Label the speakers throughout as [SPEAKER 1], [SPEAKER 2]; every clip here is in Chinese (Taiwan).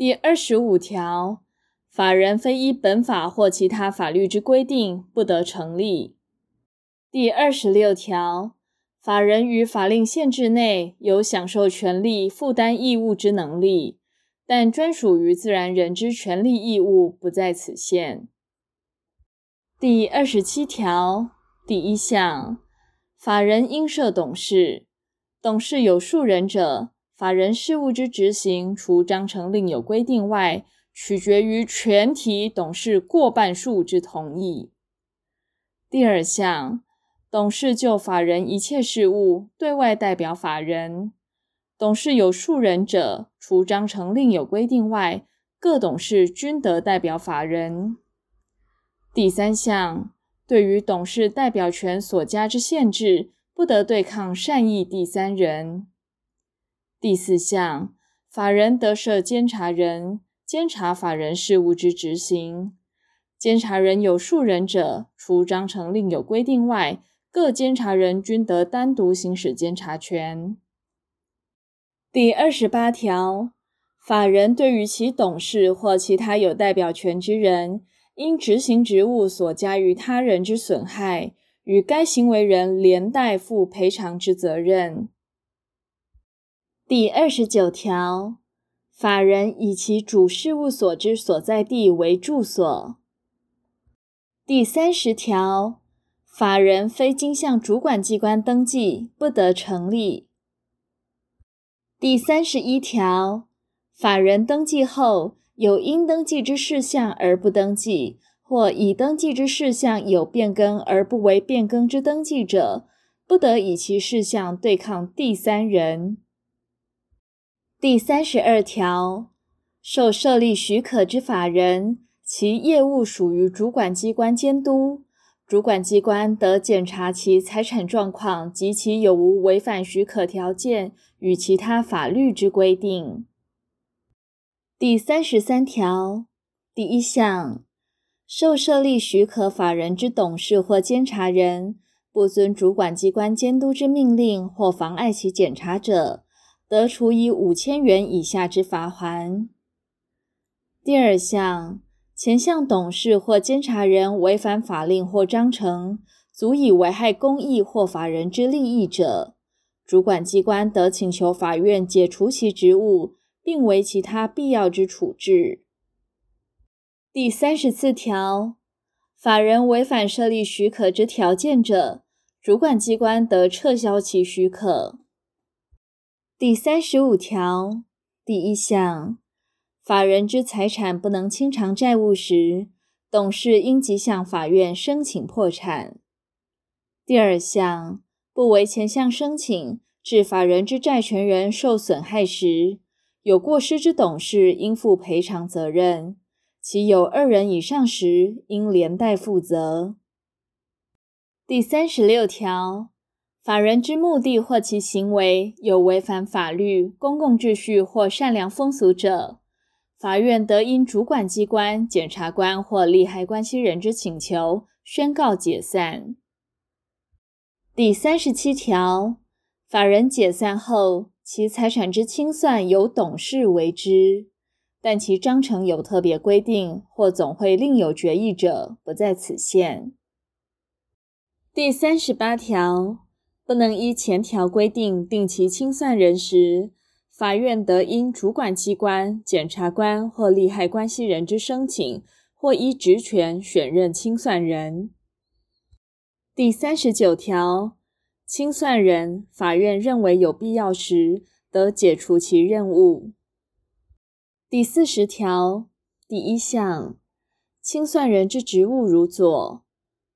[SPEAKER 1] 第二十五條，法人非依本法或其他法律之規定，不得成立。第二十六條，法人於法令限制內有享受權利、負擔義務之能力，但專屬於自然人之權利義務不在此限。第二十七條第一項，法人應設董事，董事有數人者。法人事務之執行，除章程另有規定外，取決於全體董事過半數之同意。第二項，董事就法人一切事務對外代表法人。董事有數人者，除章程另有規定外，各董事均得代表法人。第三項，對於董事代表權所加之限制，不得對抗善意第三人。第四項，法人得設監察人，監察法人事務之執行。監察人有數人者，除章程另有規定外，各監察人均得單獨行使監察權。第二十八條，法人對於其董事或其他有代表權之人，因執行職務所加於他人之損害，與該行為人連帶負賠償之責任。第二十九條，法人以其主事務所之所在地為住所。第三十條，法人非經向主管機關登記，不得成立。第三十一條，法人登記後，有因登記之事項而不登記，或已登記之事項有變更而不為變更之登記者，不得以其事項對抗第三人。第三十二條，受設立許可之法人，其業務屬於主管機關監督，主管機關得檢查其財產狀況及其有無違反許可條件與其他法律之規定。第三十三條第一項，受設立許可法人之董事或監察人，不遵主管機關監督之命令或妨礙其檢查者，得處以五千元以下之罰鍰。第二項，前項董事或監察人違反法令或章程，足以危害公益或法人之利益者，主管機關得請求法院解除其職務，並為其他必要之處置。第三十四條，法人違反設立許可之條件者，主管機關得撤銷其許可。第三十五條第一項，法人之財產不能清償債務時，董事應即向法院申請破產。第二項，不為前項申請，致法人之債權人受損害時，有過失之董事應負賠償責任，其有二人以上時，應連帶負責。第三十六條。法人之目的或其行為有違反法律、公共秩序或善良風俗者，法院得因主管機關、檢察官或利害關係人之請求，宣告解散。第三十七條，法人解散後，其財產之清算由董事為之，但其章程有特別規定或總會另有決議者，不在此限。第三十八條。不能依前條規定定其清算人時，法院得因主管機關、檢察官或利害關係人之申請，或依職權選任清算人。第三十九條，清算人法院認為有必要時，得解除其任務。第四十條第一項，清算人之職務如左：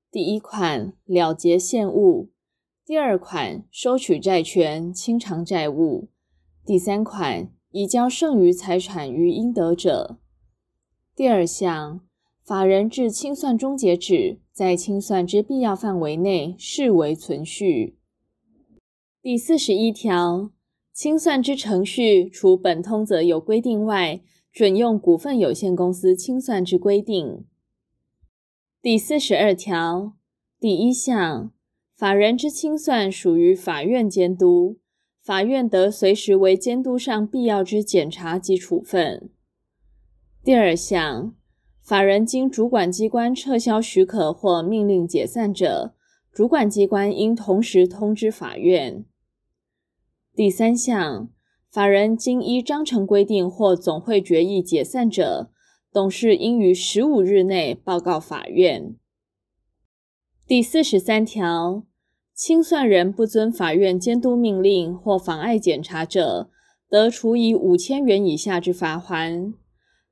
[SPEAKER 1] 第一款，了結現務。第二款，收取債權、清償債務；第三款，移交剩餘財產於應得者。第二項，法人至清算終結止，在清算之必要範圍內，視為存續。第四十一條，清算之程序，除本通則有規定外，準用股份有限公司清算之規定。第四十二條，第一項。法人之清算屬於法院監督，法院得隨時為監督上必要之檢查及處分。第二項，法人經主管機關撤銷許可或命令解散者，主管機關應同時通知法院。第三項，法人經依章程規定或總會決議解散者，董事應於十五日內報告法院。第四十三條，清算人不遵法院監督命令或妨礙檢查者，得處以五千元以下之罰鍰。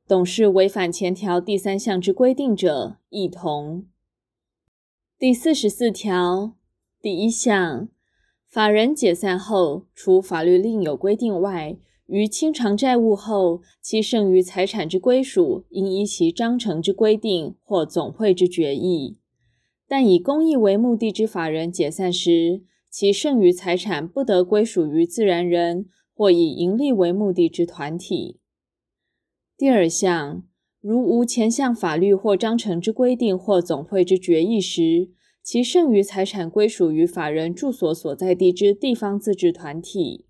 [SPEAKER 1] 董事違反前條第三項之規定者，亦同。第四十四條第一項，法人解散後，除法律另有規定外，於清償債務後，其剩餘財產之歸屬，應依其章程之規定或總會之決議。但以公益為目的之法人解散時，其剩餘財產不得歸屬於自然人或以營利為目的之團體。第二項，如無前項法律或章程之規定或總會之決議時，其剩餘財產歸屬於法人住所所在地之地方自治團體。